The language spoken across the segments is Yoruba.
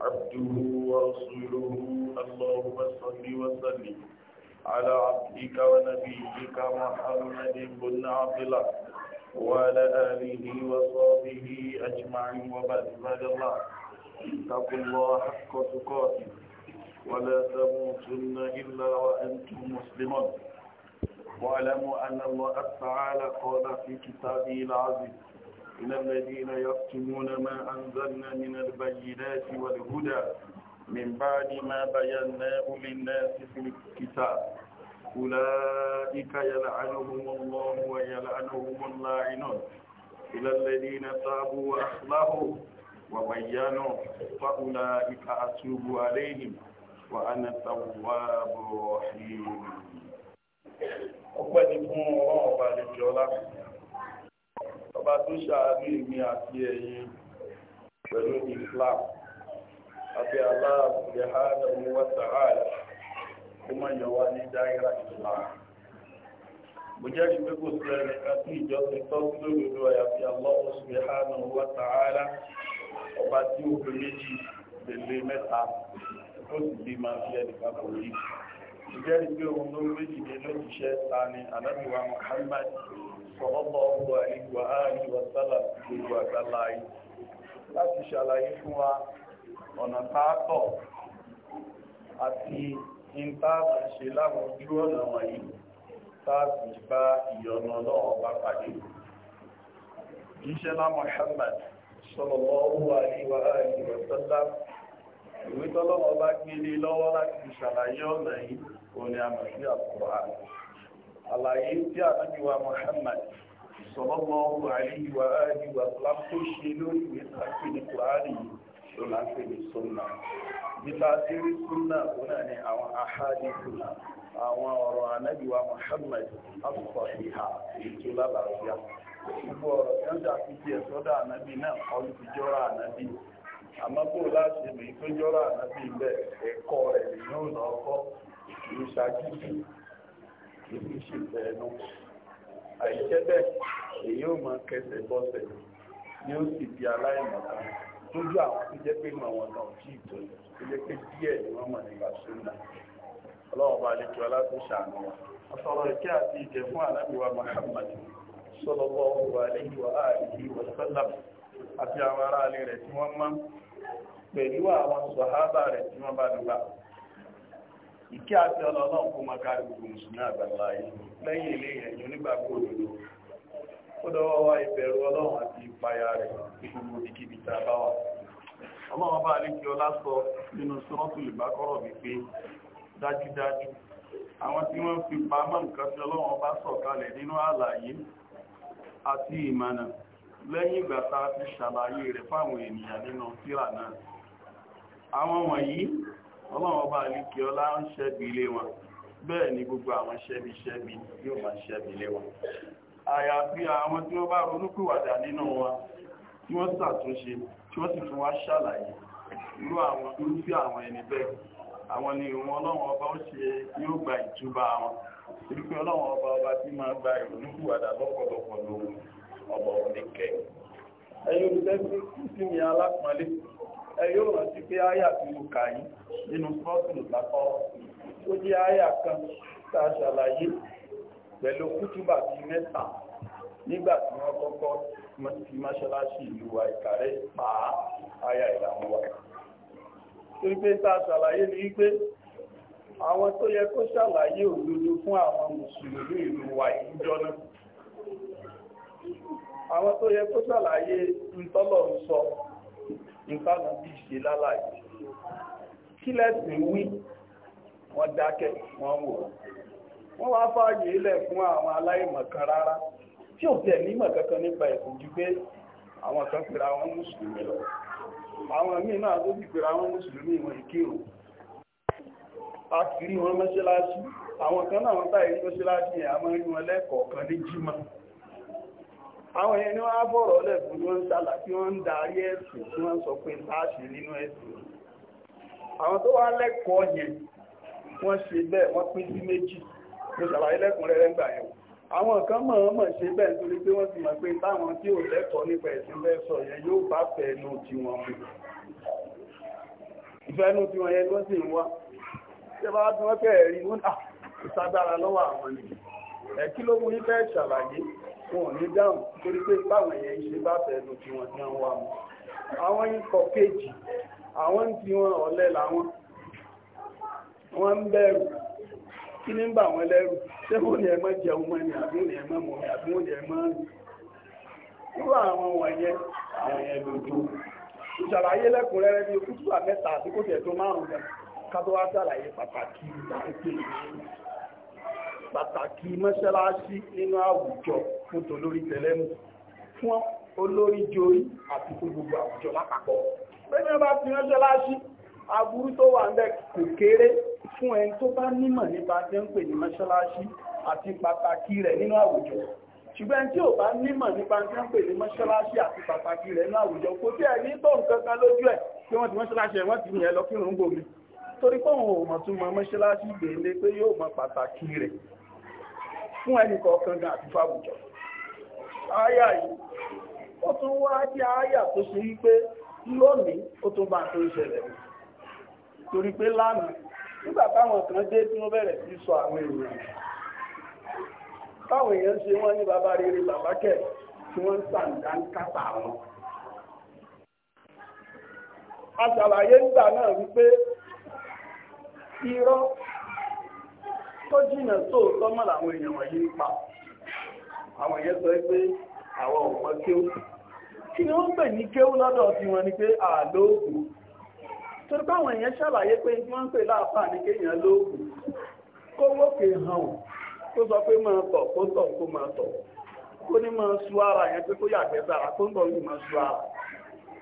عبده ورسوله اللهم صل وسلم على عبدك ونبيك محمد بن عبد الله وعلى آله وصحبه أجمعين وبعد عباد الله اتقوا الله حق تقاته ولا تموتن إلا وأنتم مسلمون واعلموا أن الله تعالى قال في كتابه العزيز إلى الذين يكتمون ما أنزلنا من البينات والهدى من بعد ما بيناه للناس في الكتاب أولئك يلعنهم الله ويلعنهم اللاعنون إلى الذين تابوا وأخلاهوا وبيانوا فأولئك أتوب عليهم وأنا التواب الرحيم ọba tó ṣàánú èmi àti ẹ̀yin pẹ̀lú islam àti kó yọ wá ní dáírà islam mo jẹ́rìí pé kò sí ẹni kan tí ìjọsìn tọ́sí lódodo àyàfi aláwọ̀ subhanahu wa ọba tí ó méjì lèlé mẹ́ta tó sì fi Muhammad sallallahu alaihi wa alihi wa sallam gbogbo àgbàláyé láti ṣàlàyé fún wa ọ̀nà táàtọ̀ àti ìntàbà ṣe láwọn ojú ọ̀nà wọ̀nyí táàtì bá ìyọ̀nà ọlọ́wọ́ bá pàdé ìṣẹ́lá Muhammad sallallahu alaihi wa alihi wa sallam ìwé tọ́lọ́wọ́ bá gbélé àlàyé tí àtúnjúwà Muhammad sallallahu alaihi wa alihi wa sallam tó ṣe lórí ìwé tàbí ní Kùránì tó láńpẹ́ ní súnà nípa tí rí súnà kó náà ní àwọn àhádì súnà àwọn ọ̀rọ̀ ànájúwà Muhammad àpùpọ̀ ìhà èyí tó lálàáfíà gbogbo ọ̀rọ̀ tí wọ́n dàbí ti ẹ̀sọ́dọ̀ ànábì náà kọlu ti jọ́ra láti èmi tó ànábì bẹ́ẹ̀ ẹ̀kọ́ rẹ̀ nínú ọ̀nà ọkọ́ ìṣàkíyèsí èmi sì fẹ́ ẹnu àìṣẹ́ bẹ́ẹ̀ èyí ò máa kẹsẹ̀ bọ́sẹ̀ ni ó sì di aláìmọ̀kan lójú àwọn tó jẹ́ pé màwọn náà tí ì tó tó jẹ́ pé díẹ̀ ni wọ́n mọ̀ nípa sóńdà ọlọ́run bá lè jọ alákòóso àná wa ọ̀sọ̀rọ̀ ìkẹ́ àti ìjẹ fún ànábìwá Muhammad sallallahu alayhi wa alihi wa sallam àti àwọn ará rẹ̀ tí wọ́n mọ́ pẹ̀lú àwọn sọ̀hábà rẹ̀ tí wọ́n bá nígbà ìkí àti ọlọ́lọ́ kó máa kárí gbogbo mùsùlùmí àgbàlá yìí lẹ́yìn ilé ẹ̀yìn onígbàgbọ́ òdodo ó dọ́wọ́ wá ìbẹ̀rù ọlọ́run àti ìpayà rẹ̀ ní gbogbo ìkíbìtà bá wà ọlọ́run bá lè kí ọlá sọ nínú sọ́ọ̀tù ìbákọ́rọ̀ wípé dájúdájú àwọn tí wọ́n fi pamọ́ nǹkan tí ọlọ́run bá sọ̀kalẹ̀ nínú àlàyé àti ìmọ̀nà lẹ́yìn ìgbà tá a ti ṣàlàyé rẹ̀ fáwọn ènìyàn nínú tírà náà àwọn wọ̀nyí ọlọ́run ọba àlíkẹ́ ọlá ń ṣẹ́bi ilé wọn bẹ́ẹ̀ ni gbogbo àwọn ṣẹ́bi ṣẹ́bi yóò máa ṣẹ́bi ilé wọn àyàfi àwọn tí wọ́n bá ronúpìwàdà nínú wọn tí wọ́n ṣàtúnṣe tí wọ́n sì tún wá ṣàlàyé irú àwọn irúfẹ́ àwọn ẹni bẹ́ẹ̀ àwọn ni ìwọ̀n ọlọ́run ọba ó ṣe yóò gba ìtúbà wọn irúfẹ́ ọlọ́run ọba ọba tí máa gba ìrònúpìwàdà lọ́pọ̀lọpọ̀ lóhun ọ̀bọ̀ ẹ yóò rántí pé áyà tí mo kà yí nínú sọ́ọ̀tù lápọ̀ ó jẹ́ áyà kan tá a ṣàlàyé pẹ̀lú kútùbà bíi mẹ́ta nígbà tí wọ́n kọ́kọ́ fi mọ́ṣáláṣí ìlú wa Ìkàrẹ́ pàá áyà ìlànà wa torí pé tá a ṣàlàyé ní wípé àwọn tó yẹ kó ṣàlàyé òdodo fún àwọn mùsùlùmí ìlú wa ìjọ náà àwọn tó yẹ kó ṣàlàyé ntọ́lọ̀ tánà bí ṣe láláì kí lẹ́sìn wí wọ́n dákẹ́ wọ́n wò wọ́n wá fàáyé ilẹ̀ fún àwọn aláìmọ̀kan rárá tí ò tẹ̀ nímọ̀ kankan nípa ẹ̀sìn ju pé àwọn kan pèrè àwọn mùsùlùmí lọ àwọn míì náà tó sì pèrè àwọn mùsùlùmí wọn ìkírun a kiri wọn mọ́ṣáláṣí àwọn kan náà wọ́n táyé mọ́ṣáláṣí yẹn a máa ń rí wọn lẹ́kọ̀ọ̀kan ní jímọ̀ àwọn èèyàn ni wọ́n á bọ̀rọ̀ lẹ́bùn ni wọ́n ń sàlà tí wọ́n ń darí ẹ̀sùn tí wọ́n sọ pé láàṣì nínú ẹ̀sùn àwọn tó wá lẹ́kọ̀ọ́ yẹn wọ́n ṣe bẹ́ẹ̀ wọ́n pín sí méjì mo ṣàlàyé lẹ́kùnrẹ́rẹ́ gbà yẹn àwọn kan mọ̀ ọ́n mọ̀ ṣe bẹ́ẹ̀ nítorí pé wọ́n ti mọ̀ pé táwọn tí ò lẹ́kọ̀ọ́ nípa ẹ̀sìn bẹ́ẹ̀ sọ yẹn yóò bá fẹ́ẹ̀nu tí wọ́n mú ìfẹ́nu tí wọ́n yẹn ló sì ń wá ṣe bá bí wọ́n fẹ́ẹ̀ rí wọn ìsagbára ah, lọ́wọ́ àwọn ni ẹ̀ kí ló mú ní fẹ́ẹ̀ ṣàlàyé wọn ò ní dáhùn torí pé báwọn èèyàn ṣe bá fẹ̀ẹ́nu tí wọ́n ti ń wà mọ́ àwọn ikọ̀ kejì àwọn ń ti wọn ọ̀lẹ́ làwọn wọ́n ń bẹ̀rù kí ní ń bà wọ́n lẹ́rù ṣé wọ́n ní ẹmọ́ jẹun mọ́ ni àbí ní ẹmọ́ mọ́ ni àbí wọ́n ní ẹmọ́ rí irú àwọn wọ̀nyẹn àwọn yẹn lòdò ìṣàlàyé lẹ́kùnrẹ́rẹ́ bí okútùwà mẹ́ta àti kò tẹ̀ tó márùn-ún ká tó wá ṣàlàyé pàtàkì pàtàkì mọ́ṣáláṣí nínú àwùjọ fún tolórí tẹlẹ́mù fún olórí jorí àti fún gbogbo àwùjọ lápapọ̀ pẹ́ni ọba ti mọ́ṣáláṣí aburú tó wà ńbẹ̀ kò kéré fún ẹni tó bá nímọ̀ nípa tẹ́ ń pè ní mọ́ṣáláṣí àti pàtàkì rẹ̀ nínú àwùjọ ṣùgbọ́n tí ò bá nímọ̀ nípa tẹ́ ń pè ní mọ́ṣáláṣí àti pàtàkì rẹ̀ nínú àwùjọ kò tí ẹ̀ ní tó nǹkan kan lójú ẹ̀ pé wọ́n ti mọ́ṣáláṣí torí pé ò mọ̀ tún mọ mọ́ṣáláṣí gbèlé pé yóò mọ pàtàkì rẹ̀ fún ẹnìkọ̀ kankan àti fáwùjọ àyà yìí ó tún wá jẹ́ àyà tó ṣe wípé lónìí ó tún bá tó torí pé lánàá nígbà táwọn kan dé tí wọ́n bẹ̀rẹ̀ sí sọ àwọn èèyàn táwọn nwanyị bàbá bàbá tó jìnà tó tọ́mọ̀ làwọn èèyàn wọ̀nyí pa àwọn èèyàn sọ pé àwọn ọ̀pọ̀ kéwú kí ni ó ń pè ní kéwú lọ́dọ̀ tí wọ́n ní pé àlóògùn torí báwọn èèyàn ṣàlàyé pé tí wọ́n ń pè láàfà ní kéèyàn lóògùn kó wókè hàn kó sọ pé máa tọ̀ kó tọ̀ kó máa tọ̀ kó ní máa su ara yẹn pé kó yàgbẹ́ sára kó ń tọ̀ yìí máa su ara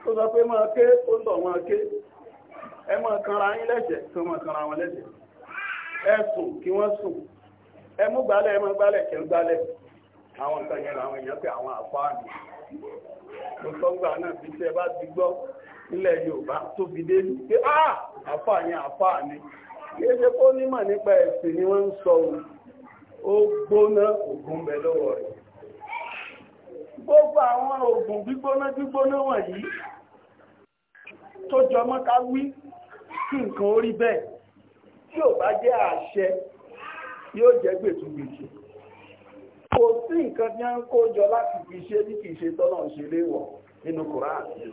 kó sọ pé máa ké kó ń tọ̀ máa ké ẹ máa kanra yín lẹ́sẹ̀ kó máa kanra wọn lẹ́sẹ̀ ẹ̀sùn kí wọ́n sùn ẹ mú gbálẹ̀ ẹ mọ́ gbálẹ̀ kí ń gbálẹ̀ àwọn nǹkan yẹn làwọn èèyàn pé àwọn àfáàní mo sọ gbà náà bí tẹ bá ti gbọ́ nílẹ̀ Yorùbá tó fi dé ní pé á àfáàní àfáàní kí ṣe kó nímọ̀ nípa ẹ̀sìn ni wọ́n ń sọ ó gbóná ògùn bẹ lọ́wọ́ rẹ̀ gbogbo àwọn ògùn gbígbóná gbígbóná wọ̀nyí tó jọmọ́ ká wí kí nǹkan orí bẹ́ẹ̀ tí ò bá jẹ́ àṣẹ yóò jẹ́ gbètùgbètù kò sí nǹkan tí a ń kó jọ láti fi ṣe ní kìí ṣe tọ́nà ṣe léwọ̀ nínú Kùránì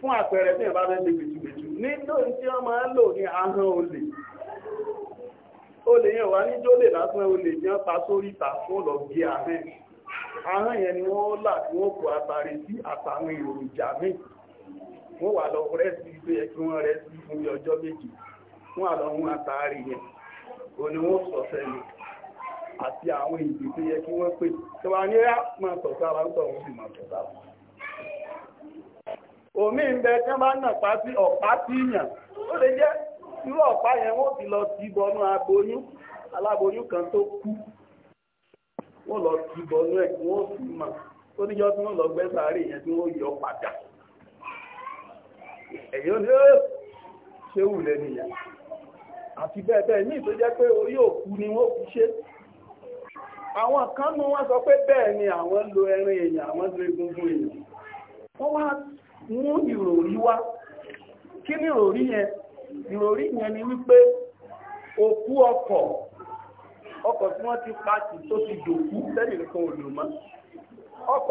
fún àpẹẹrẹ tí ìbá fẹ́ ṣe gbètùgbètù nínú tí wọ́n máa ń lò ní ahọ́n olè olè yẹn wà ní jólè lásán olè ní wọ́n pa sórí ìta fún lọ bí ahọ́n ahọ́n yẹn ni wọ́n là tí wọ́n kó àtàrí sí àtàwọn èròjà míì wọ́n wà lọ rẹ́ sí ibi ẹ̀kí wọ́n rẹ́ sí fún ọjọ́ méjì wọ́n àlọ́hún àtàárí yẹn òní wọ́n sọ̀sẹ̀ ni àti àwọn ìdí tó yẹ kí wọ́n pè tó ní rá ma sọ̀sára ń tọ̀wọ́n sì omi ń bẹ tí wọ́n bá nà pa sí ọ̀pá sí yàn ó lè jẹ́ irú ọ̀pá yẹn wọ́n ti lọ ti kan tó kú wọ́n lọ ti bọnú ẹ̀ kí wọ́n sì mọ̀ ó tí wọ́n lọ gbẹ́ yẹn tí wọ́n yọ padà àti bee bee, ní ìtò jẹ́ pé orí òkú ni wọ́n fi ṣe àwọn kan wọ́n sọ pé bẹ́ẹ̀ ni àwọn lo erin èèyàn àwọn lo egungun èèyàn wọ́n wá mú ìròrí wá kí ni ìròrí yẹn ni wípé òkú ọkọ̀ ọkọ̀ tí wọ́n ti pàtì tó ti dòkú tẹ́lẹ̀ nìkan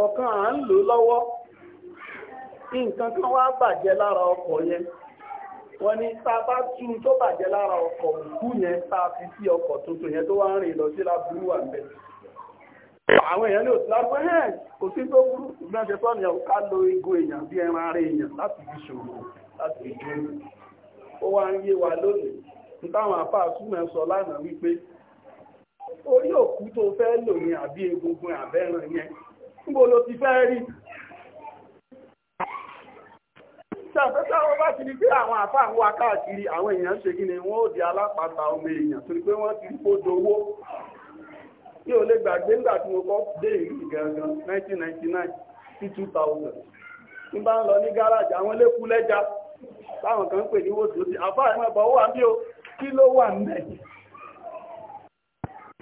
ò kan à ń lò lọ́wọ́ nǹkan kan wá bàjẹ́ lára ọkọ̀ wọ́n ní sábà tún tó bàjẹ́ lára ọkọ̀ òkú yẹn sáà sí ọkọ̀ tuntun yẹn tó wá ń rìn lọ sí láburú wà ń bẹ̀. àwọn èèyàn ní òsì lágbọ́n hẹ́ẹ̀ kò sí tó burú ṣùgbọ́n ṣe tọ́ ni ká lo ego èèyàn bí ẹran ara èèyàn láti fi ṣòro láti fi dúró. ó wá ń yé wa lónìí ní táwọn àpá àtúmọ̀ sọ lánàá wípé orí òkú tó fẹ́ lò ní àbí egungun àbẹ́ràn yẹn níbo ló ti fẹ́ rí ṣàfẹ́fẹ́ àwọn bá ti rí pé àwọn àfáà wà kiri àwọn èèyàn ṣe kí ni wọ́n ó di alápàtà ọmọ èèyàn torí pé wọ́n ti kó dowó ní ò lè gbàgbé ńgbà tí mo kọ́ dé ìlú gangan 1999 sí 2000 tí bá ń lọ ní gáràjì àwọn táwọn kan pè ní ẹ̀mọ̀ bọ̀ wà bí o kí ló wà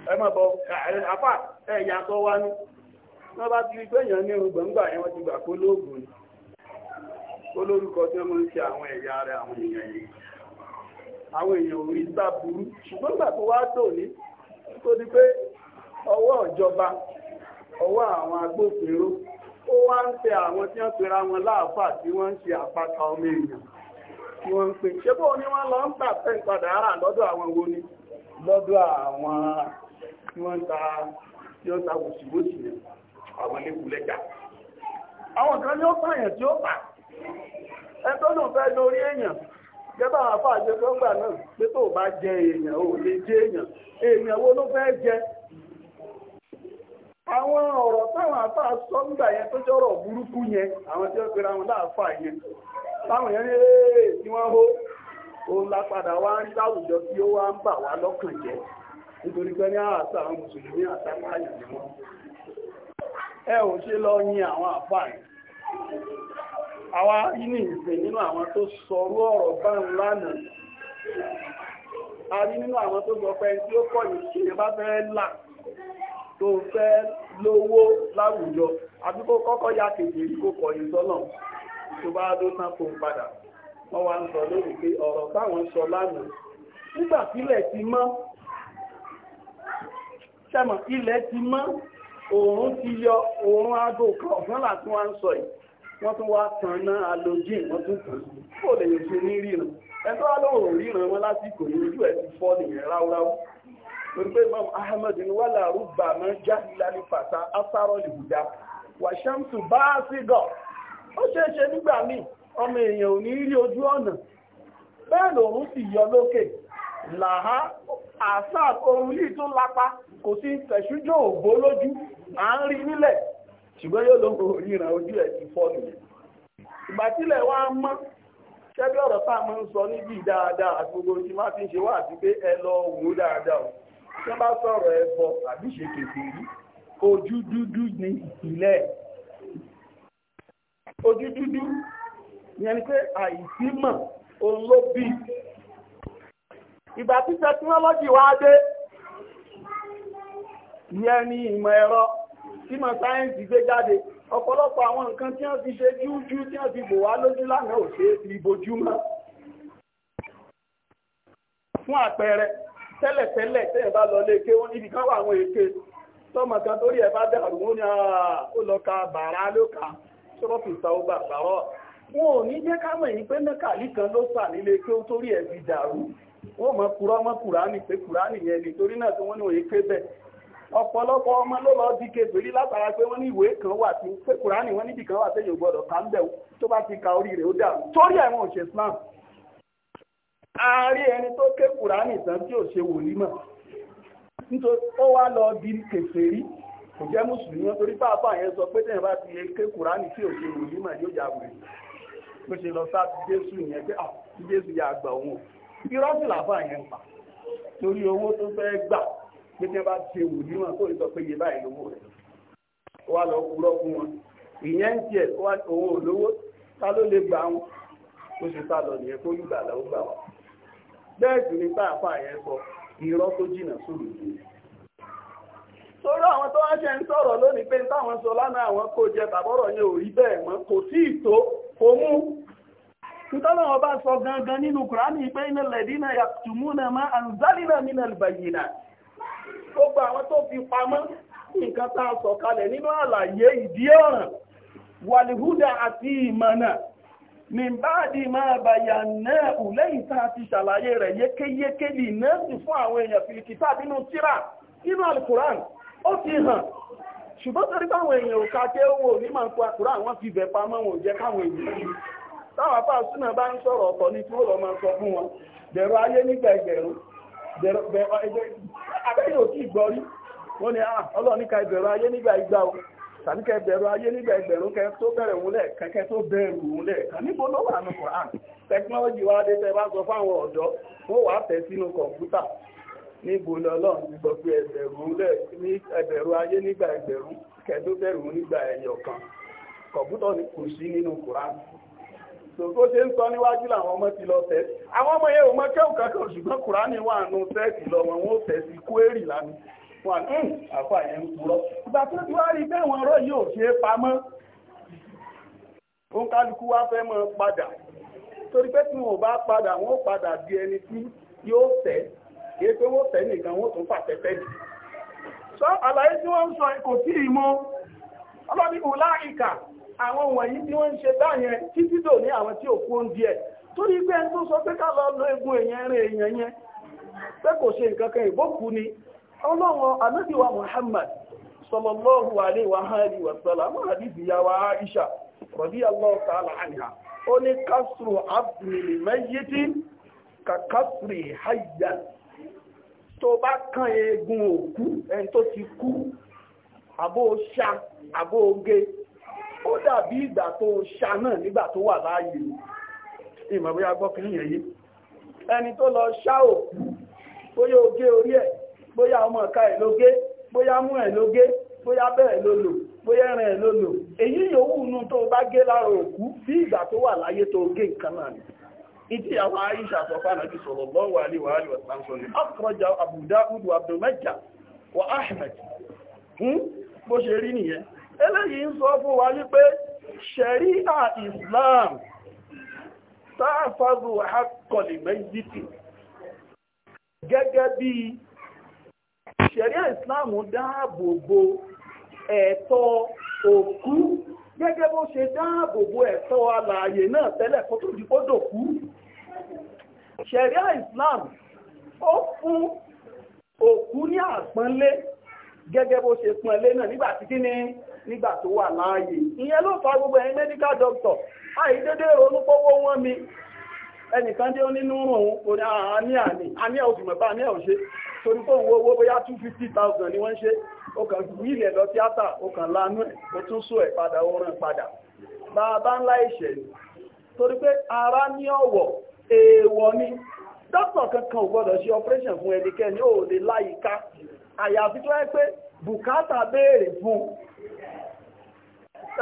ẹ̀mọ̀ bọ̀ ẹ̀yà sọ wọ́n bá ti rí pé èèyàn ní olórúkọ tí wọ́n ń ṣe àwọn ẹ̀yà ara àwọn èèyàn yìí àwọn èèyàn orí sá burú ṣùgbọ́n gbà tó wá tò ní tó di pé ọwọ́ ìjọba ọwọ́ àwọn agbófinró ó wá ń tẹ àwọn tí wọ́n pera wọn láàfà tí wọ́n ń ṣe àpáta ọmọ èèyàn tí wọ́n ń pè ṣé bó ni wọ́n lọ ń tà fẹ́ ìpadà ara lọ́dọ̀ àwọn wo ni lọ́dọ̀ àwọn tí wọ́n ta tí wọ́n ta wòṣìwòṣì àwọn ilé kùlẹ́jà àwọn kan ní ó pààyàn tí ó pààyàn ẹni tó lù fẹ́ lórí èèyàn gẹ́gbà àwọn afá àjẹsọ́gbà náà pé tó bá jẹ èèyàn ò lè jẹ èèyàn èèyàn wo ló fẹ́ jẹ àwọn ọ̀rọ̀ táwọn afá sọ́gbà yẹn tó jọ́rọ̀ burúkú yẹn àwọn tí ó láàfà yẹn táwọn yẹn ní tí wọ́n hó òun la padà wá ń láwùjọ tí ó wá ń bà yin àwọn àwa inú ìgbẹ̀ nínú àwọn tó sọrú ọ̀rọ̀ bá ń lánàá a rí nínú àwọn tó sọ pé tí ó pọ̀ ní ṣe bá fẹ́ là tó fẹ́ lówó láwùjọ àbí kó kọ́kọ́ ya kèjì kó kọ̀yìn sọ́nà tó bá dó tán kó padà wọ́n wá ń sọ lórí pé ọ̀rọ̀ táwọn sọ lánàá nígbà tílẹ̀ ti mọ́ sẹ́mọ̀ ilẹ̀ ti mọ́ òòrùn ti yọ òòrùn aago kan ọ̀sán làtún wá ń sọ yìí wọ́n tún wá tàn náà alójì wọ́n tún tàn kó lè yẹ ṣe ní ríran ẹ̀tọ́ alóhùn ríran wọn lásìkò ní ojú ẹ̀ ti fọ́ nìyẹn ráúráú torí pé Imam Ahmad ni wà láàrú gbà mọ́ jáhìlá ní fàtà asárọ̀ lìbùdá wà ṣàmùtù bá a sì gọ̀ ó ṣeé ṣe nígbà míì ọmọ èèyàn ò ní rí ojú ọ̀nà bẹ́ẹ̀ lòun sì yọ lókè làá àṣà orun yìí tó lápá kò sí tẹ̀sújò ògbó lójú à ń rí nílẹ̀ ṣùgbọ́n yóò ló ń kò ríran ojú ẹ̀ ti fọ́ nìyẹn ìgbà tílẹ̀ wá mọ́ ṣebí ọ̀rọ̀ tá a máa ń sọ níbi dáadáa fi ń ṣe wá àti pé ẹ lọ wò dáadáa o tí wọ́n bá sọ̀rọ̀ ẹ se àbí ṣe kékeré ojú dúdú ní ìpìlẹ̀ ojú dúdú yẹn ni pé àìsímọ̀ òun ló ìgbà tí tẹkinọ́lọ́jì wá ni ìmọ̀ ẹ̀rọ tí ma sáyẹ́ǹsì gbé jáde ọ̀pọ̀lọpọ̀ àwọn nǹkan tí wọ́n fi ṣe jújú tí wọ́n fi bò wá lójú lánàá ò ṣe é fi bojúmọ́ fún àpẹẹrẹ tẹ́lẹ̀tẹ́lẹ̀ tẹ́yẹ̀ bá lọ lé ké wọ́n níbi kan wà àwọn èké tọ́mọ kan torí ẹ̀ bá dàrú wọ́n ní ó lọ ka bàrá ló ka ṣọ́rọ́pù ìsàwọ́gbà bàrọ́ wọn ò ní jẹ́ kámọ̀ yìí pé nẹ́kàlí kan ló sà nílé ké ó torí ẹ̀ fi dàrú wọ́n mọ̀ kúrọ́ mọ́ kùránì pé kùránì yẹn ni torí náà tí wọ́n ní òye ké bẹ́ẹ̀ ọ̀pọ̀lọpọ̀ ọmọ ló lọ di kèfèrí látara pé wọ́n ní ìwé kan wà tí pé kùránì wọ́n níbì kan wà tí èèyàn gbọ́dọ̀ kà ń bẹ̀ tó bá ti ka orí rẹ̀ ó dà torí ẹ̀wọ̀n òṣè Islam ààrẹ ẹni tó ké kùránì tán tí ò ṣe wòlímọ̀ nítorí ó wá lọ di kèfèrí kò jẹ́ mùsùlùmí wọn torí pàápàá yẹn sọ pé tẹ̀yìn bá ti ké kùránì tí ò ṣe wòlímọ̀ yóò yà wẹ̀ bó ṣe lọ sáà pé tí wọ́n bá ti wù níwọ̀n tó lè sọ pé iye báyìí lówó rẹ̀ wà lọ kúrọ́ fún wọn ìyẹn ń tiẹ̀ òun ò lówó ta ló lè gbà wọn ó ṣe sá lọ nìyẹn kó lùgbà là ó gbà wọn bẹ́ẹ̀ sì ni bá àfa yẹn sọ irọ́ tó jìnà sóòlù yìí sórí àwọn tó wá ṣe ń sọ̀rọ̀ lónìí pé táwọn sọ lánàá àwọn kò jẹ tàbọ̀rọ̀ yẹn ò rí bẹ́ẹ̀ mọ́ kò sí ìtò kò mú ìtọ́lọ́wọ́ bá sọ gangan nínú kùránì pé iná lẹ̀dínà yàtùmúnà máa àǹzálínà mínà ìbàyìnà gbogbo àwọn tó fi pamọ́ nǹkan tá a sọ kalẹ̀ nínú àlàyé ìdí ọ̀ràn wàlìhúdà àti ìmọ̀nà ní báàdì máa bàyà náà ùlẹ́yìn tá a ti ṣàlàyé rẹ̀ yékéyéké lè náà sì fún àwọn èèyàn fìlìkìtà nínú nínú alukuran ó ti hàn ṣùgbọ́n torí báwọn èèyàn ò owó ní máa kó wọ́n fi bẹ̀ pamọ́ wọn bá ń sọ̀rọ̀ ọ̀tọ̀ ní tí ó fún wọn ayé nígbà Abe ẹgbẹ́ abẹ́yìn ò tí ì gbọ́rí wọ́n ni ah, ọlọ́run níka ìbẹ̀rù ayé nígbà ìgbà o tàbí kẹ bẹ̀rù ayé nígbà ìbẹ̀rù kẹ tó bẹ̀rẹ̀ òun lẹ̀ kẹkẹ tó bẹ̀rù òun lẹ̀ níbo ló wà Quran wa dé tẹ bá sọ fáwọn ọ̀dọ́ wọ́n tẹ̀ sínú níbo lọ́lọ́run sòkó ṣe ń sọ níwájú làwọn ọmọ ti lọ tẹ̀ àwọn ọmọ yẹn ò mọ kẹ́hùn kankan ṣùgbọ́n kùránì wà nù tẹ́ẹ̀kì lọ wọn ó tẹ̀ sí kúérì lánà wọn àfà yẹn ń purọ́ ìgbà tó ti wá rí bẹ́ẹ̀ wọn rọ yìí ò ṣe é pamọ́ òun kálukú wá fẹ́ mọ́ padà torí pé tí wọn ò bá padà wọn ó padà di ẹni tí yóò tẹ̀ kí é pé wọ́n tẹ̀ nìkan wọ́n tún pàtẹ́tẹ́ nì sọ àlàyé tí wọ́n ń sọ kò àwọn wọ̀nyí tí wọ́n ń ṣe titido títí dò ní àwọn tí òkú ń díẹ̀ torí pé tó sọ pé ká lọ lo egun èèyàn rẹ̀ èèyàn yẹn pé kò ṣe nǹkan kan ìbókù ni ọlọ́run anábìwa Muhammad sallallahu wa wa ìyàwó Aisha radiyallahu ta'ala anha ó ní kásùrù abdìlì mẹ́yìtì hayya tó bá kan òkú ẹni tó oge ó dàbí ìgbà tó ṣà náà nígbà tó wà láàyè ìmọ̀ bóyá gbọ́kìrì ẹni tó lọ ṣá bóyá ó orí ẹ̀ bóyá ọmọ ọ̀ka ẹ̀ ló bóyá mú ẹ̀ ló ya bóyá bẹ́ẹ̀ bóyá ẹ̀ èyí yòówù tó bá gé lára òkú bí ìgbà tó wà láyé tó ni ìdí àwọn sọ̀rọ̀ ni hmm? bó ṣe rí eléyìí ń sọ fún wa wípé ṣẹ̀ríà Islam sáàfàdù àkọlìmẹ́jìtì gẹ́gẹ́ bí ṣẹ̀ríà Islam dáàbò bo ẹ̀tọ́ òkú gẹ́gẹ́ bó ṣe dáàbò bo ẹ̀tọ́ alààyè náà tẹ́lẹ̀ kó tó di kó dòkú ṣẹ̀ríà Islam ó fún òkú ní àpọ́nlé gẹ́gẹ́ bó ṣe pọ́nlé náà nígbàtí kí ni nígbà tó wà láàyè ìyẹn ló fa gbogbo ẹ̀yin medical doctor àìdédé ronúpọ́wọ́ wọn mi ẹnìkan dé nínú òun kò ní àní àní àní ẹ̀ òfin mọ̀bá àní ẹ̀ òṣe torí pé òun owó bóyá 250,000 ni wọ́n ṣe ó kàn wí ilẹ̀ lọ tíátà ó kàn lánú ẹ̀ ó tún sọ ẹ̀ padà ó ràn padà bàbá ńlá ìṣẹ̀ ni torí pé ara ní ọ̀wọ̀ èèwọ̀ ni dókítà kankan ò gbọ́dọ̀ ṣe operation fún ẹnikẹ́ni ó lè láyìíká àyàfi tó ẹ pé bùkátà béèrè fún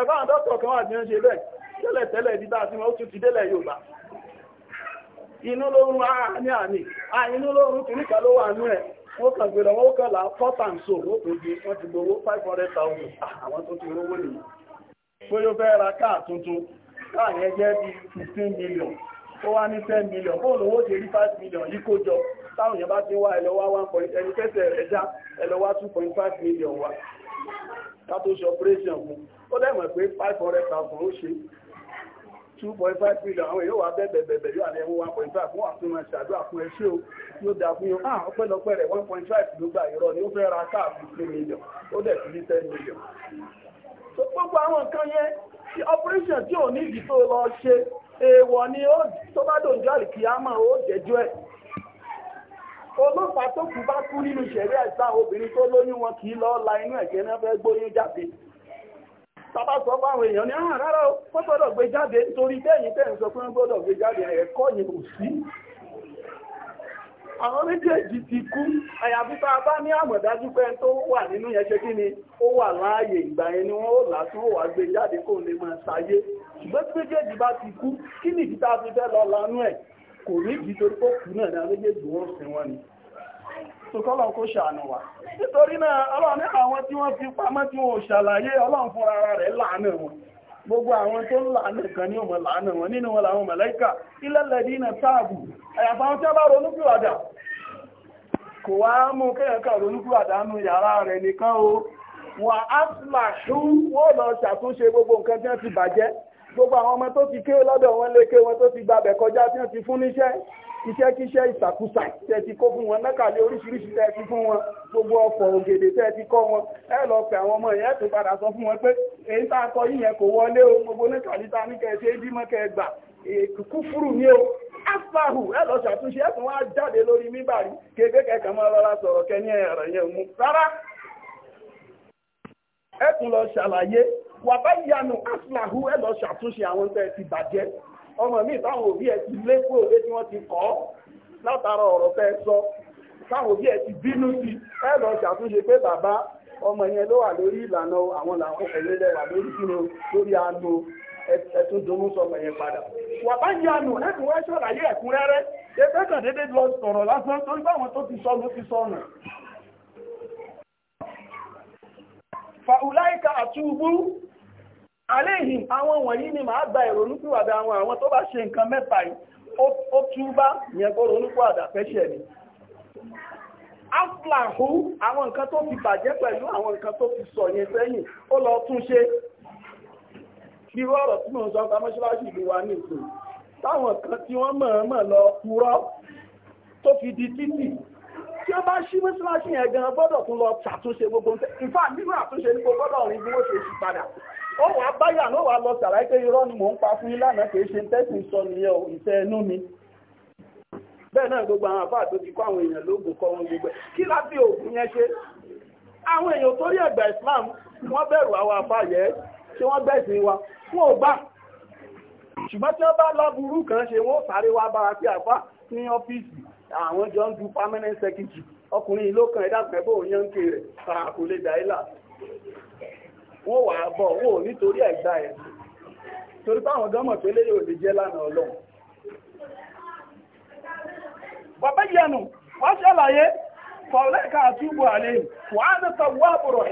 ẹ̀fọ́ àwọn dọ́tọ̀ kan wà tí wọ́n ṣe bẹ́ẹ̀ tẹ́lẹ̀ tẹ́lẹ̀ ibi bá ti wọ́n tún ti délẹ̀ Yorùbá inú lórun ara ní àmì à inú lórun kìníkà ló wà nú ẹ̀ wọ́n kàn gbé lọ wọ́n kàn lá four táwọn èèyàn bá ti wá ẹlọ́wà one ẹni kẹsẹ̀ rẹ̀ ẹlọ́wà two million wa ká ṣe operation fún ó dẹ̀mọ̀ pé five hundred thousand ó ṣe two point five million àwọn èèyàn wà bẹ́ẹ̀ bẹ̀bẹ̀ yóò àlẹ́ ẹ̀wọ̀n one point five wọ́n àfihàn ìṣàdúrà fún ẹṣẹ́ o yóò dá fún yóò hàn ah, ọpẹ́lọpẹ́ rẹ̀ one point five ló gbà ìrọ̀ ni ó fẹ́ ra káà fifteen million ó dẹ̀ fi ní ten million. so gbogbo àwọn nǹkan yẹn ti operation tí ò ní ìdí tó lọ ṣe èèwọ̀ ni ó tó bá dòjú àlìkìyámà ó jẹ́jọ́ ẹ̀ olófàá tó kù bá kú nínú ìṣẹ̀rí ẹ̀sán obìnrin tó lóyún wọn kì í lọ́ọ́ la inú ẹ̀kẹ́ náà fẹ́ gbóyún jáde tàbá sọ fáwọn èèyàn ní àrùn ah, rárá ó gbọ́dọ̀ gbé jáde torí bẹ́yìn tẹ́ sọ pé wọ́n gbé jáde ẹ̀kọ́ yìí kò sí àwọn méjèèjì ti kú àyàfi bá ní àmọ̀dájú pé tó wà nínú yẹn ṣe kí ni ó wà láàyè ìgbà yẹn ni wọ́n ó lásán ó wà gbé jáde kó lè máa ṣayé ṣùgbọ́n tí méjèèjì bá ti kú kí nìdí tá a fi fẹ́ lọ lanú ẹ̀ kò ní ìdí torí pé òkú náà ni àwọn méjèèjì wọ́n sin wọn ni tòkọ́lọ̀ kó ṣàánú wa nítorí náà ọlọ́run ní àwọn tí wọ́n fi pamọ́ tí wọ́n ṣàlàyé ọlọ́run ara rẹ̀ láàánú wọn gbogbo àwọn tó nla láàánú kan ní ọmọ láàánú wọn nínú wọn làwọn màláíkà na táàbù àyàfà wọn bá ronúkúwàdà kò wá mú kẹ́ẹ̀kẹ́ ronúkúwàdà nú yàrá rẹ̀ nìkan o wà á láṣú wọ́n lọ ṣàtúnṣe gbogbo nǹkan tí wọ́n gbogbo àwọn ọmọ ti ké lọ́dọ̀ wọn wọn tó ti gbabẹ̀ ti fún iṣẹ́kíṣẹ́ ìsàkúsà tẹ́ ti kó fún wọn lákàlẹ̀ oríṣiríṣi tẹ́ ti fún wọn gbogbo ọ̀fọ̀ ògèdè tẹ́ ti kọ́ wọn ẹ lọ pẹ̀ àwọn ọmọ ìyẹn tó padà sọ fún wọn pé èyí tá a kọ yíyẹn kò wọlé o gbogbo lákàlẹ̀ tá a ní kẹ́ẹ̀ ṣe é bímọ kẹ́ẹ̀ gbà kúkú fúrù ní o afahu ẹ lọ ṣàtúnṣe ẹ tún wá jáde lórí mímbàrí kéékèèké kan máa rọra sọ̀rọ̀ kẹ́ni ẹ̀rọ yẹn mú rárá ẹ ọmọ mi táwọn òbí ẹ̀ ti lé kúrò lé tí wọ́n ti kọ́ látara ọ̀rọ̀ fẹ́ sọ táwọn òbí ẹ̀ ti bínú sí ẹ lọ ṣàtúnṣe pé bàbá ọmọ yẹn ló wà lórí ìlànà àwọn làwọn ẹ̀yẹ lẹ́wà lórí kíni lórí àánú ẹ̀tún domú sọmọ yẹn padà wà bá yí àánú ẹ̀kún wẹ́ ṣọ́làyé ẹ̀kúnrẹ́rẹ́ ẹgbẹ́ kan déédéé lọ sọ̀rọ̀ lásán tó ń bá wọn tó ti sọnù ti sọnù fàùláìka àtúbú aléhìn àwọn wọ̀nyí ni máa gba ìrònúkúwàdà àwọn àwọn tó bá ṣe nǹkan mẹ́ta yìí ó túbá yẹn kó ronúkúwàdà fẹ́ṣẹ̀ ni aflahu àwọn nǹkan tó fi bàjẹ́ pẹ̀lú àwọn nǹkan tó fi sọ yẹn sẹ́yìn ó lọ tún ṣe bí ọ̀rọ̀ tí mò ń sọ pamọ́ṣáláṣí ìlú wa ní ìsìn táwọn kan tí wọ́n mọ̀ọ́mọ̀ lọ purọ́ tó fi di títì tí ó bá ṣí mọ́ṣáláṣí yẹn gan gbọ́dọ̀ tún lọ ṣàtúnṣe gbogbo nǹkan ìfà nínú àtúnṣe ní gbogbo ọ̀rìn bí wọ́n ṣe ṣì padà ó wà báyà ló wà lọ sàrá pé irọ́ ni mò ń pa fún ìlànà kìí ṣe tẹ́sí sọ nìyẹn ò ìfẹ́ ẹnu mi bẹ́ẹ̀ náà gbogbo àwọn àfáà tó ti kọ́ àwọn èèyàn lóògùn kọ́ wọn gbogbo kí láti òògùn yẹn ṣe àwọn èèyàn tó rí ẹ̀gbà Islam wọ́n bẹ̀rù àwọn àfáà yẹn ṣé wọ́n gbẹ̀sìn wa wọn ò gbà ṣùgbọ́n tí wọ́n bá láburú kan ṣe wọ́n sáré wá bá wa sí àfáà ní ọ́fíìsì àwọn jọ ń du permanent secretary ọkùnrin ìlókan ẹ̀dá pẹ̀bọ̀ òyìnkè rẹ̀ kò lè dà wọ́n wà á bọ̀ wọ́n ò nítorí ẹ̀gbá ẹ̀ torí báwọn gọ́mọ̀ tó lé yóò jẹ́ lánàá ọlọ́run bàbá yẹnu wá ṣàlàyé fọ̀lẹ́ka àtúbọ̀ àlẹ́ wà á nìta wà bọ̀rọ̀ wa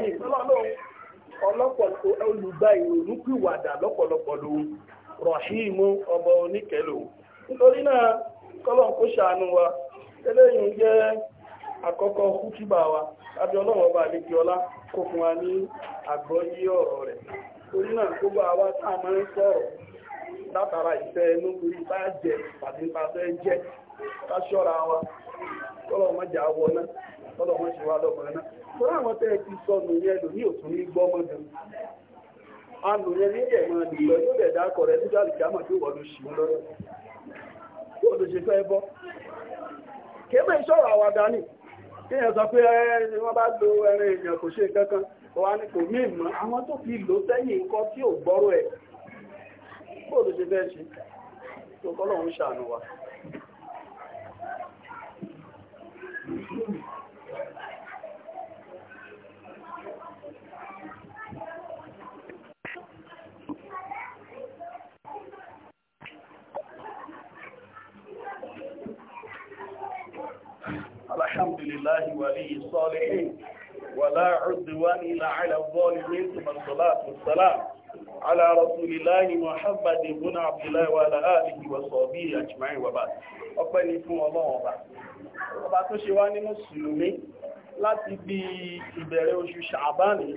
jẹ́ àkọ́kọ́ kútúbà wa àbí ọlọ́wọ́ bá lè kí ọlá kó fún wa ní ọ̀rọ̀ rẹ̀ torí tó bá wá tá a máa ń sọ̀rọ̀ látara ìfẹ́ inú torí bá jẹ tàbí jẹ ká ṣọ́ra wa tọ́lọ̀ mọ́ jà wọ náà tọ́lọ̀ ṣe wá náà tẹ́ ẹ ti sọ nìyẹn lò ní òtún ní gbọ́ mọ́ yẹn ní yóò dẹ̀ dá kọ̀ rẹ̀ nígbà tí wọ́n lọ́rọ̀ fẹ́ bọ́ kéèyàn sọ pé ẹni wọ́n bá lo ẹran èèyàn kò ṣe kankan wà ní kò mí mọ́ àwọn tó fi lò sẹ́yìn nǹkan tí ò gbọ́rọ̀ ẹ̀ bóòdù ṣe fẹ́ ṣe tó kọ́lọ̀ ń ṣàánú wa الحمد لله ولي الصالحين ولا عدوان إلا على الظالمين ثم الصلاة والسلام على رسول الله محمد بن عبد الله وعلى آله وصحبه أجمعين وبعد ọpẹ́ ni fún Ọlọ́run ọba ọba tó ṣe wá ní mùsùlùmí láti bí ìbẹ̀rẹ̀ oṣù ṣàbánì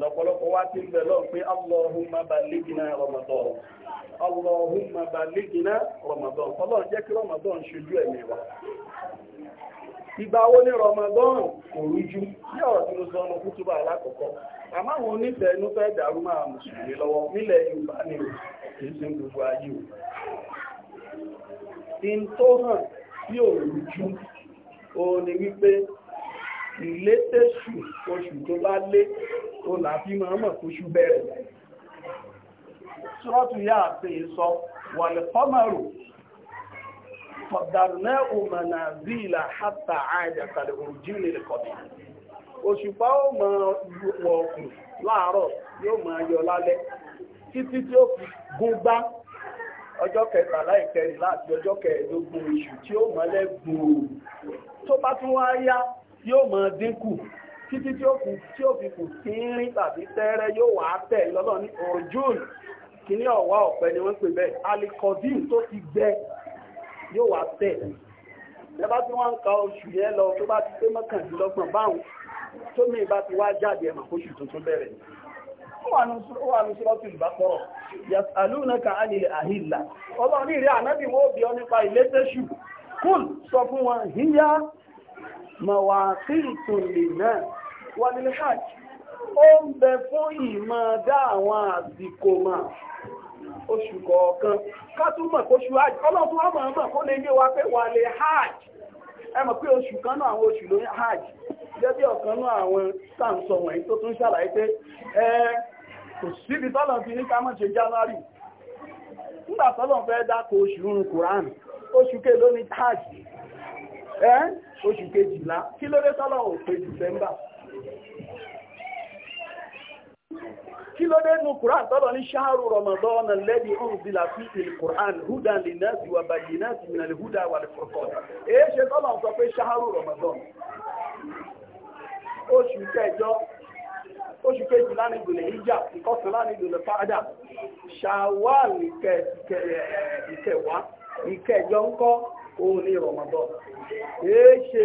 lọ́pọ̀lọpọ̀ wá tí ń bẹ̀ lọ́n pé allahumma balighna ramadan allahumma balighna ramadan Ọlọ́run jẹ́ kí ramadan ṣojú ẹ̀mí wa ìgbà wo ní rọmọdọ́rùn kò rújú ní ọ̀rọ̀ tí mo sọ ọmọ kútúbà alákọ̀ọ́kọ́ àmọ́ àwọn onífẹ̀ẹ́ inú fẹ́ dàrú máa mùsùlùmí lọ́wọ́ nílẹ̀ Yorùbá ni o kìí ṣe gbogbo ayé o in tó hàn tí ò rújú o ni wípé ìlétèṣù oṣù tó bá lé o làbí máa mọ̀ kóṣù bẹ̀rẹ̀ sọ́ọ̀tù yáà pé sọ wàlẹ̀kọ́mọ̀rò قدرناه منازل حتى عاد كالعرجون القديم òṣùpá ó máa wọ ọkùn láàárọ̀ yóò máa yọ lálẹ́ títí tí ó fi gún bá ọjọ́ kẹtàlá ìkẹrin láti ọjọ́ kẹẹ̀ẹ́dógún oṣù tí ó mọ́lẹ̀ gbòòrò tó bá tún wá yá yóò máa dínkù títí tí ó kù tí ó fi kù tínrín tàbí tẹ́rẹ́ yóò wá tẹ̀ lọ́lọ́ ní orjúùn kí ní ọ̀wá ọ̀pẹ ni wọ́n pè bẹ́ẹ̀ alikọ́dín tó ti gbẹ yóò wá tẹ̀ lẹ́bá tí wọ́n ń ka oṣù yẹn lọ tó bá ti pé mọ́kàndínlọ́gbọ̀n báwọn tó mi bá ti wá jáde ẹ̀mà oṣù tuntun bẹ̀rẹ̀ wà ní sọ́tù ìbákọ́rọ̀ yàtàlúnaka alìlẹ̀ àhìlà ọlọ́ ní ìrẹ́ ànábì wọ́n bí ọ nípa ilé tẹ́ṣù kùn sọ fún wọn híyá mọ̀wàtíìtò lè náà wà nílẹ̀ hajj ó ń bẹ fún ìmọ̀ dá àwọn àsìkò máa oṣù kọ̀ọ̀kan ká tún mọ̀ oṣù hajj ọlọ́run tún wá mọ̀ mọ̀ kó lè yé wa pé wà lè hajj ẹ mọ̀ pé oṣù kan náà àwọn oṣù lórí hajj jẹ́bí ọ̀kan náà àwọn sáǹsọ̀ wọ̀nyí tó tún ṣàlàyé pé ẹ kò síbi tọ́lọ̀ fi ní kí ló nu Quran tọ́lọ̀ ní ṣáàrù Ramadan alladhi unzila fihi al-Quran huda wal furqan èé ṣe tọ́lọ sọ pé ṣáàrù Ramadan oṣù kẹjọ oṣù kejìlá ní ìgbìlẹ̀ ìjà ìkọkànlá ní ìgbìlẹ̀ fàájà ṣàwàl ìkẹwàá ìkẹjọ òun ní èé ṣe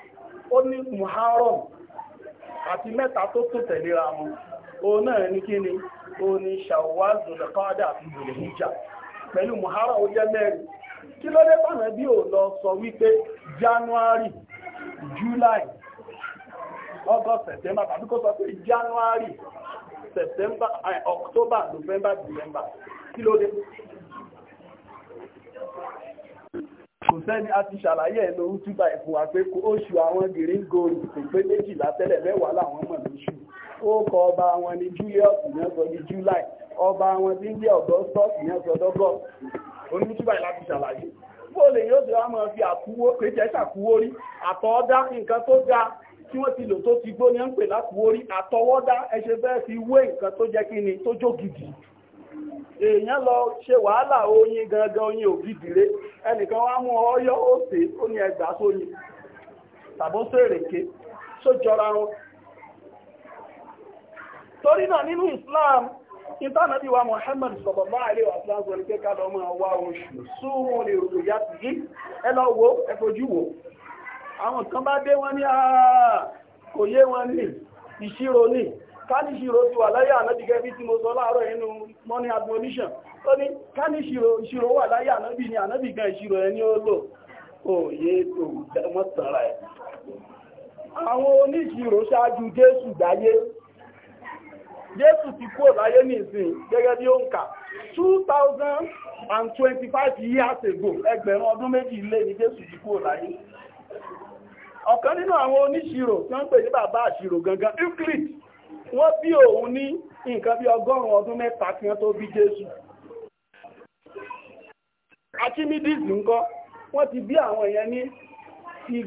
ó ní muharram àti mẹ́ta tó tún tẹ̀léra wọn o náà ní kí ni o ní shawwal zulqada àti zulhijja pẹ̀lú muharram ó jẹ́ mẹ́rin kí ló dé pàmẹ́ bí lọ sọ wípé january july august september tàbí kó sọ pé january september october november december kí ló dé kò sẹ́ni a ti ṣàlàyé ẹ̀nà òtúbà ìfún wa pé oṣù àwọn green gold kò pé méjìlá tẹ́lẹ̀ mẹ́wàá làwọn mọ̀ lóṣù ó kọ ọba wọn ní Julius ìyẹn sọ ní July ọba wọn tí ń jẹ́ Augustus ìyẹn sọ dọ́gọ́s onítúbà ìlà ti ṣàlàyé bó lè yóò ṣe wá máa fi àkúwó pé jẹ́ ṣàkúwó rí àtọ́ọ́dá nǹkan tó ga tí wọ́n ti lò tó ti gbó ní ń pè lákúwó rí àtọwọ́dá ẹṣẹ́ ni tó jó èèyàn lọ ṣe wàhálà oyin gangan oyin ògidì rèé ẹnìkan wá mú ọyọ́ òsè ó ní ẹgbà sóyìn tàbóso èrèké só jọra wọn torí náà nínú Islam ìtànàbí wa Muhammad sọ pé ká lọ máa oṣù súnmù ní òrùyá ti yí ẹlọ́wọ́ àwọn kan bá dé wọ́n ní kò yé wọn ní ìṣirò ní ká ní ìṣirò ti wà láyé ó ní ká ní ìṣirò wà láyé ànábì ni ànábì gan ìṣirò ẹni ó lò òye tó wọ́n tànra ẹ̀ àwọn oníṣirò ṣáájú Jésù dáyé Jésù ti kúrò láyé ní ìsìn gẹ́gẹ́ bí ó ń kà 2025 years ago ẹgbẹ̀rún ọdún méjì lé ní Jésù ti kúrò láyé ọ̀kan nínú àwọn oníṣirò tí wọ́n pè ní bàbá àṣirò gangan Euclid wọ́n bí òun ní nǹkan bí ọgọ́rùn-ún ọdún mẹ́ta kí wọ́n tó bí Jésù Archimedes ńkọ́ wọ́n ti bí àwọn èèyàn ní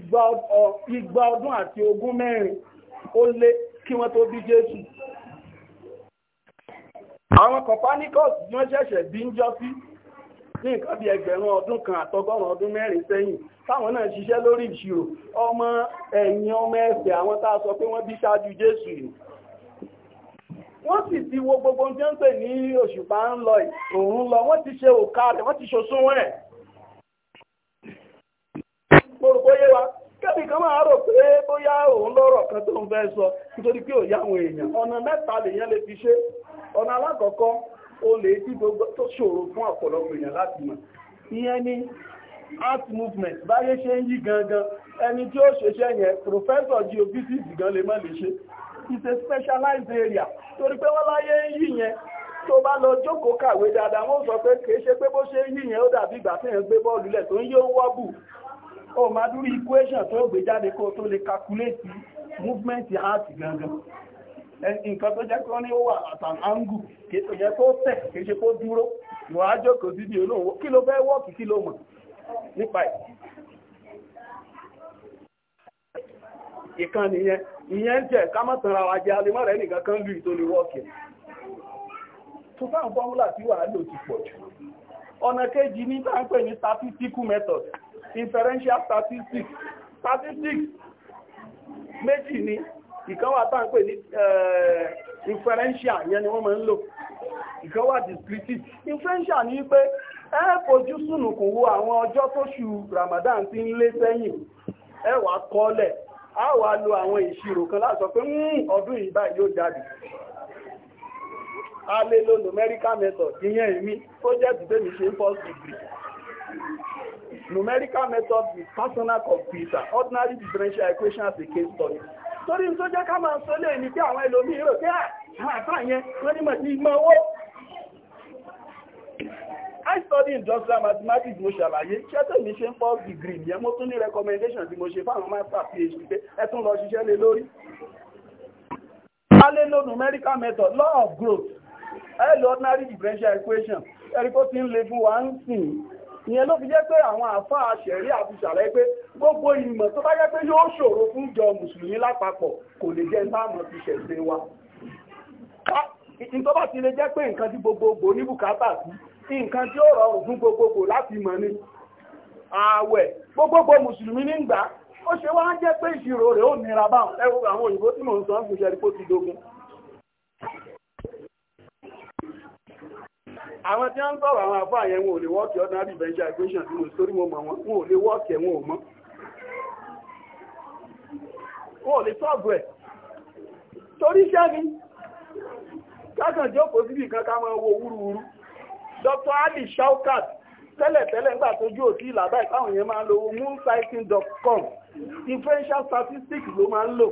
igba ọdún àti ogún mẹ́rin ó lé kí wọ́n tó bí Jésù àwọn Copernicus tí wọ́n ṣẹ̀ṣẹ̀ bí ń jọ sí ní nǹkan bí ẹgbẹ̀rún ọdún kan àtọgọ́rùn ọdún mẹ́rin sẹ́yìn táwọn náà ṣiṣẹ́ lórí ìṣirò ọmọ ẹ̀yìn ọmọ ẹ̀sẹ̀ àwọn tá a sọ pé wọ́n bí ṣáájú Jésù yìí wọ́n sì ti wo gbogbo tí ó ń pè ní òṣùpá ń lọ òun lọ wọ́n ti ṣe òka rẹ̀ wọ́n ti ṣoṣún ẹ̀ gbogbo yé wa kẹ́bì kan máa rò pé bóyá òun lọ́rọ̀ kan tó ń fẹ́ sọ nítorí pé òyà àwọn èèyàn ọ̀nà mẹ́ta yẹn lè fi ṣe ọ̀nà alákọ̀ọ́kọ́ o tó ṣòro fún ọ̀pọ̀lọpọ̀ is a specialized area torí pé wọ́n láyé ń yí yẹn tó bá lọ jókòó kàwé dáadáa wọ́n sọ pé kìí ṣe pé bó ṣe ń yí yẹn ó dàbí ìgbà tí èèyàn gbé bọ́ọ̀lù lẹ̀ tó ń yóò wọ́bù ó máa dúró equation tó gbé jáde kó tó lè calculate movement heart gangan nǹkan tó jẹ́ kọ́ ní ó wà àtàn áńgù kìí tó jẹ́ kó tẹ̀ kìí ṣe kó dúró ìwà àjòkó síbi olóòwò kí ló fẹ́ wọ́ọ̀kì kí ló mọ̀ nípa ẹ̀ ìkan nìyẹn ìyẹn jẹ́ ká má tanra wa jẹ́ nìkan kan tó lè wọ́ọ̀kì tó fáwọn fọ́múlà tí wà lò ti pọ̀ ọ̀nà kejì ní ní statistical method inferential statistics statistics méjì ni ìkan wà pè ní eh, inferential yẹn ni wọ́n ń lò descriptive inferential pé ẹ fojú wo àwọn ọjọ́ Ramadan ti ń lé sẹ́yìn ẹ a wà lo àwọn ìṣirò kan láti sọ pé hmm, ọdún yìí báyìí yóò jáde a lè lo numerical method ìyẹn èmi project tèmi ṣe ń first degree numerical method with personal computer ordinary differential equation as a case study torí tó jẹ́ ká máa sọ lè ní pé àwọn ẹlòmí rò pé ah, àtàyẹn wọ́n ní mọ̀ sí ìmọ̀ owó I study industrial mathematics mo ṣàlàyé iṣẹ́ tèmi ṣe ń pọ́ degree yẹn mo tún ní recommendation tí mo ṣe fáwọn master PhD pé ẹ tún lọ ṣiṣẹ́ lé lórí. Alé lo numerical method law of growth ẹ lo ordinary differential equation ẹ̀rí kó ti ń le fún wa ń sìn ìyẹn ló fi jẹ́ pé àwọn àfá àṣẹ̀rí àti ṣàlàyé pé gbogbo ìmọ̀ tó bá jẹ́ pé yóò ṣòro fún jọ mùsùlùmí lápapọ̀ kò lè jẹ́ sáàmù ti ṣẹ̀ṣẹ̀ wa. ìtọ́ bá ti lè jẹ́ pé nǹkan tí gbogbogbò ní bùkátà sí nǹkan tí ó rọ fún gbogbogbò láti mọ̀ ní ààwẹ̀ gbogbogbò mùsùlùmí n'Igba. ó ṣe wá jẹ́ pé ìṣirò rẹ̀ ó nira bá àwọn òyìnbó tí mò ń sọ ń fi ṣẹ́rí dogun àwọn tí ó sọ̀rọ̀ àwọn àfáà yẹn wọn ò lè wọ́ọ̀kì ordinary venture equation tí mo sórí wọn mọ̀ wọn wọn ò lè wọ́ọ̀kì ẹ̀ torí iṣẹ́ ni kákan jókòó kan ká máa wo Dr. Ali Shaukat tẹ́lẹ̀tẹ́lẹ̀ nígbà tó jó òtí ìlàbá ìpáwọn yẹn máa ń lo moonsighting.com differential statistics ló máa ń lò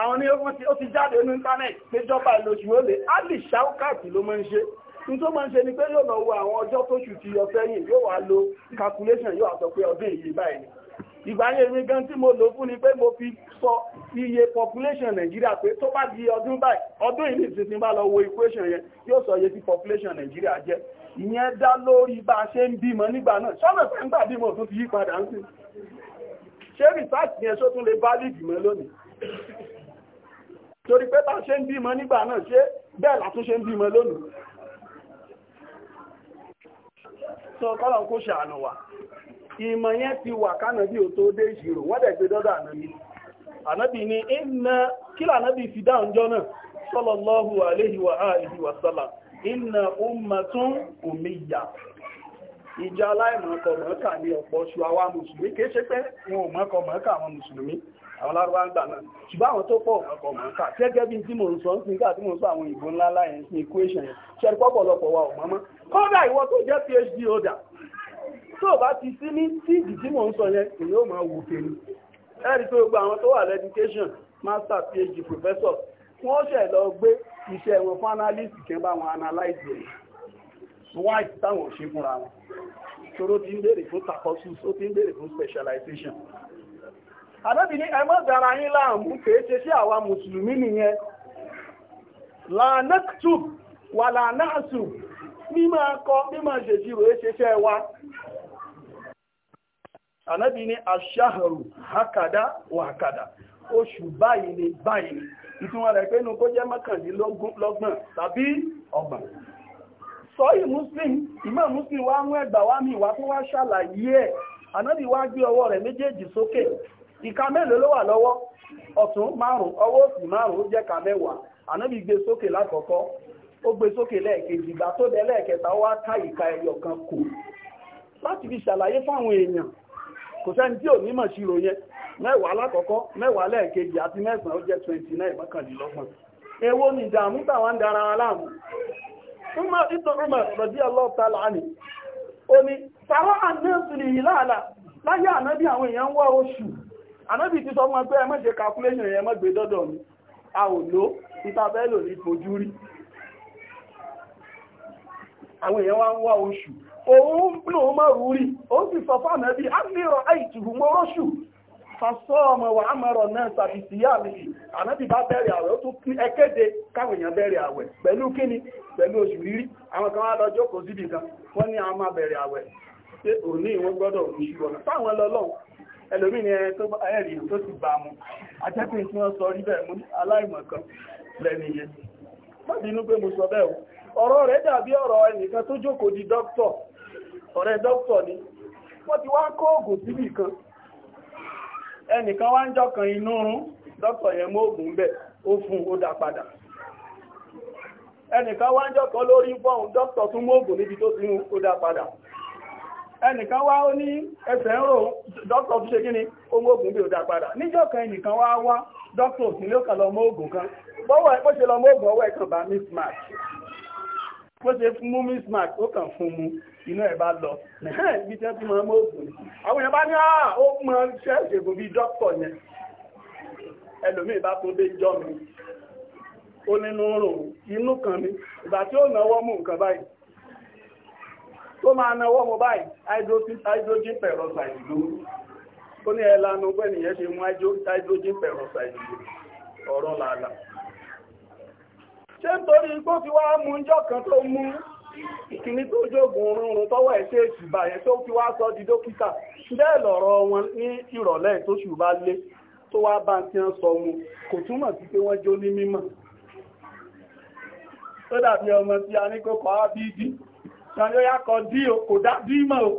àwọn ní ó ti jáde ní internet péjọba ìlòṣù ó lè Ali Shaukat ló máa ń ṣe ní tó máa ń ṣe ni pé yóò lọ wo àwọn ọjọ́ tó ṣù ti yọ sẹ́yìn yóò wá lo calculation yóò àtọ̀ pé ọdún èyí báyìí ìgbàyẹ̀ mi gan tí mo lò fún ni pé mo fi sọ iye population Nàìjíríà pé tó bá di ọdún báyìí ọdún ìní ìsinsin bá lọ wo equation yẹn yóò sọ iye tí population Nàìjíríà jẹ́ ìyẹn dá lórí bá a ṣe ń bímọ nígbà náà sọ́nà tó ń gbà bímọ tó fi yí padà ń sìn ṣé rìsáàtì yẹn só tún lè bá lè dìmọ́ lónìí torí pé bá ṣe ń bímọ nígbà náà ṣé bẹ́ẹ̀ látún ṣe ń bímọ lónìí sọ kọ́lọ̀ kó ṣàánú wa ìmọ̀ yẹn ti wà kánàbí ò tó dé ìṣirò wọ́n dẹ̀ gbé dọ́dọ̀ ànábì ànábì ni iná kí lànábì fi dáhùn jọ náà sallallahu alaihi wa iná ummatun umiyya ìjọ ní ọ̀pọ̀ àwa mùsùlùmí kìí ṣe pé wọn ò àwọn mùsùlùmí àwọn lárúbá ń gbà náà ṣùgbọ́n àwọn tó pọ̀ gẹ́gẹ́ bí tí mo tó bá ti sí ní tí ìdí tí mò ń sọ yẹn èyí ó máa wù kéni ẹ̀rí tó gba àwọn tó wà lẹ́díkéṣọ̀n master phd professor wọ́n ṣẹ̀ lọ gbé iṣẹ́ wọn fún analyst kẹ́ bá wọn analyze rẹ̀ why táwọn ṣe fúnra wọn ṣòro ti ń béèrè fún tacosus ó ti ń béèrè fún specialization àdẹ́bì ní ẹmọ́ dára yín láàmú kèé ṣe sí àwa mùsùlùmí nìyẹn lànàkùtù wà lànàṣù mímọ̀ akọ mímọ̀ ṣèṣirò é ṣeṣẹ́ wa Anabi ní aṣáhàrù hakada wà hakada oṣù báyìí ni báyìí ni rẹ̀ pé inú kó jẹ́ tàbí ọgbà sọ́yí muslim imam muslim wá mú ẹgbà wá mi wá tó wá ṣàlàyé ẹ̀ wá gbé ọwọ́ rẹ̀ méjèèjì sókè ìka ló wà lọ́wọ́ ọ̀tún márùn ọwọ́ òsì márùn ó jẹ́ ka mẹ́wàá ànábì gbé sókè lákọ̀ọ́kọ́ ó gbé sókè lẹ́ẹ̀kejì ìgbà tó lẹ́ẹ̀kẹta wá ká kò sẹ́ni tí ò ní mọ̀ ṣírò yẹn mẹ́wàá alákọ̀ọ́kọ́ mẹ́wàá lẹ́ẹ̀kejì àti mẹ́sàn-án ó jẹ́ 29 mọ́kànlélọ́gbọ̀n èwo ni ìdààmú táwọn ń dara wọn nwa Umar ibn Umar radiyallahu ta'ala anhu ó ní sàrọ́ àdéhùn ìlàlà láyé anabi ti sọ calculation a àwọn èèyàn wá ń wá oṣù òun lòun má rú o sì sọ wà náà tàbí síyáàmì ànábì bá bẹ̀rẹ̀ àwẹ̀ ó tún kí ẹkẹ́dẹ káwọn èèyàn bẹ̀rẹ̀ àwẹ̀ pẹ̀lú kíni pẹ̀lú oṣù rírí àwọn kan wá síbi kan wọ́n ní a máa bẹ̀rẹ̀ àwẹ̀ pé òní ìwọ́n gbọ́dọ̀ oṣù ọ̀nà táwọn lọ́lọ́run ẹlòmí ni ẹ̀rí tó ti bá mu tí wọ́n sọ rí bẹ́ẹ̀ mú ọ̀rọ̀ rẹ̀ dàbí ọ̀rọ̀ ẹnìkan tó jókòó di dókítọ̀ ọ̀rẹ́ ni wọ́n ti wá kó oògùn síbì kan ẹnìkan wá ń jọkàn inú rún dókítọ̀ yẹn mú oògùn bẹ̀ ó fún ó padà ẹnìkan wá ń jọkàn lórí tún ni ó ó padà níjọkàn ẹnìkan wá wá sí ló kan bọ́wọ́ bó ṣe fún mú miss mark ó kàn fún mu iná ẹ̀ bá lọ ibi tí wọ́n ti máa mọ́ ògùn àwọn èèyàn bá ní àà ah, ó mọ iṣẹ́ ìṣègùn bíi dókítà yẹn ẹlòmíì bá tó dé jọ mi ó nínú rùn inú kan mi ìgbà tí ó náwó mú nǹkan báyìí tó máa náwó mú báyìí hydrogen peroxide ló ó ní ẹlànà pẹ́ nìyẹn ṣe mú hydrogen peroxide ló ọ̀rọ̀ làálàá ṣé nítorí igbó fi wá mú ńjọ́ kan tó mú ìkíní tó jógun rúnrún tọ́wọ́ ẹ̀ ṣe èṣù báyẹn tó fi wá sọ di dókítà bẹ́ẹ̀ lọ̀rọ̀ wọn ní ìrọ̀lẹ́ tó ṣù bá lé tó wá bá tí wọ́n sọ mu kò túmọ̀ sí pé wọ́n jó ní mímọ̀ tó dàbí ọmọ tí a ní kó kọ́ á bí dí ṣàní ó yá dí o kò dá dí mọ́ o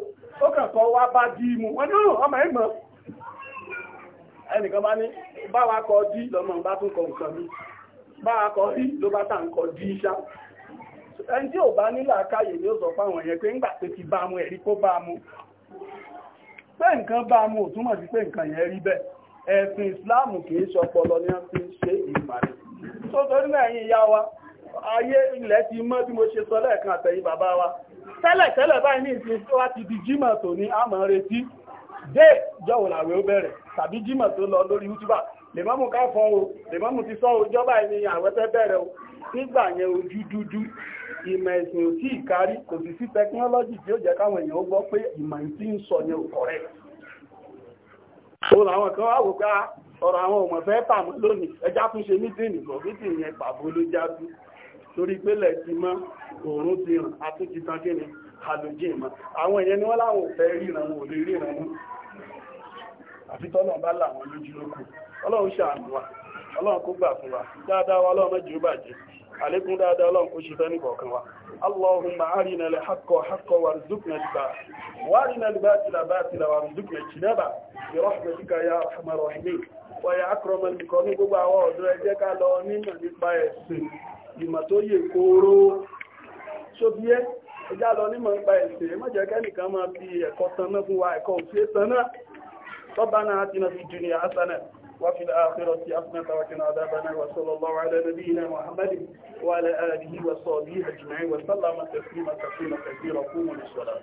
ó kàn kọ́ wá bá dí mu wọ́n ní ọmọ ẹ̀mọ́ ẹnìkan bá ní bá wa kọ dí lọ́mọ bá tún kọ nǹkan mi bá a kọ rí ló bá tà ń kọ dí iṣá ẹni tí ò bá nílà káyè ni ó sọ fáwọn yẹn pé ńgbà pé ti bá mu ẹ̀rí kó bá mu pé nǹkan bá mu ò túmọ̀ sí pé nǹkan yẹn rí bẹ́ẹ̀ ẹ̀sìn ìsìláàmù kì í ṣọpọlọ ni wọ́n fi ń ṣe ìmàlẹ̀ tó torí náà yín yá wa ayé ilẹ̀ ti mọ́ bí mo ṣe sọ lẹ́ẹ̀kan àtẹ̀yìn bàbá wa tẹ́lẹ̀ tẹ́lẹ̀ báyìí ní ìsìn tó wá ti di jímọ̀ tó ní àmọ́ retí dé jọ́wọ́ làwẹ̀ ó bẹ̀rẹ̀ lèmọ́mù ká fọ́ o lèmọ́mù ti sọ òjọ́bà ẹni àwẹ́fẹ́ bẹ̀rẹ̀ o nígbà yẹn ojú dúdú ìmọ̀ ẹ̀sìn ò tí ìkárí kò sì sí tẹkinọ́lọ́jì tí ó jẹ́ káwọn èèyàn gbọ́ pé ìmọ̀ tí ń sọ yẹn ò kọ̀rẹ́ òun àwọn kan wá wò pé ah, ọ̀rọ̀ àwọn ọmọ fẹ́ tàmú lónìí ẹjá tún ṣe mítìnì kan mítìnì yẹn pàbó ló já sí torí pélẹ̀ ti mọ́ òórùn ti ràn àti ti tan kíni halogen mọ́ àwọn èèyàn ni wọ́n láwọn ò fẹ́ ríran wọn ò lè ríran wọn àfi tọ́lọ̀ bá làwọn lójú lókùn ọlọ́run ṣàánú wa ọlọ́run kó gbà fún wa dáadáa wa ọlọ́run mẹ́jì ó bàjẹ́ àlékún dáadáa ọlọ́run kó ṣe fẹ́ ní kọ̀ọ̀kan wa allahumma arina lè hakọ̀ hakọ̀ wa rizukna liba wa arina liba tila ba tila wa rizukna jinaba bi rahmatika ya arhamar rahimin wa ya akrama nìkan ní gbogbo àwọn ọ̀dọ́ ẹ jẹ́ ká lọ nínú nípa ẹ̀sìn ìmọ̀ tó yè kóró sóbíẹ́ ẹjá lọ tọ́bánà àti nàfi jùnìyà asánà وفي الآخرة حسنة وقنا عذابنا وصلى الله على نبينا محمد وعلى آله وصحبه أجمعين وسلم تسليما تسليما كثيرا قوموا للصلاة